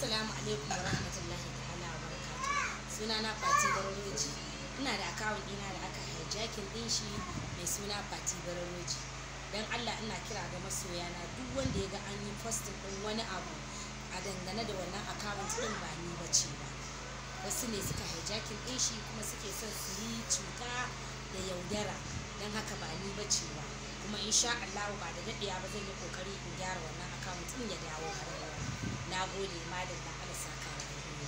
Assalamu alaikum wa rahmatullahi ta'ala wa barakatuh. Suna na Fati Baroloji. Ina da akawun ina da aka hijakin ɗin shi mai suna Fati Baroloji. dan Allah ina kira ga masoya na duk wanda ya ga an yi postin din wani abu a dangane da wannan akawun din ba ni ba ce ba. Wasu ne suka hijakin ɗin shi kuma suke son su yi cuta da yaudara don haka ba ni ba ce ba. Kuma insha Allah ba da daɗewa ba zan yi kokari in gyara wannan. gode mai da ta halisa ka rubuta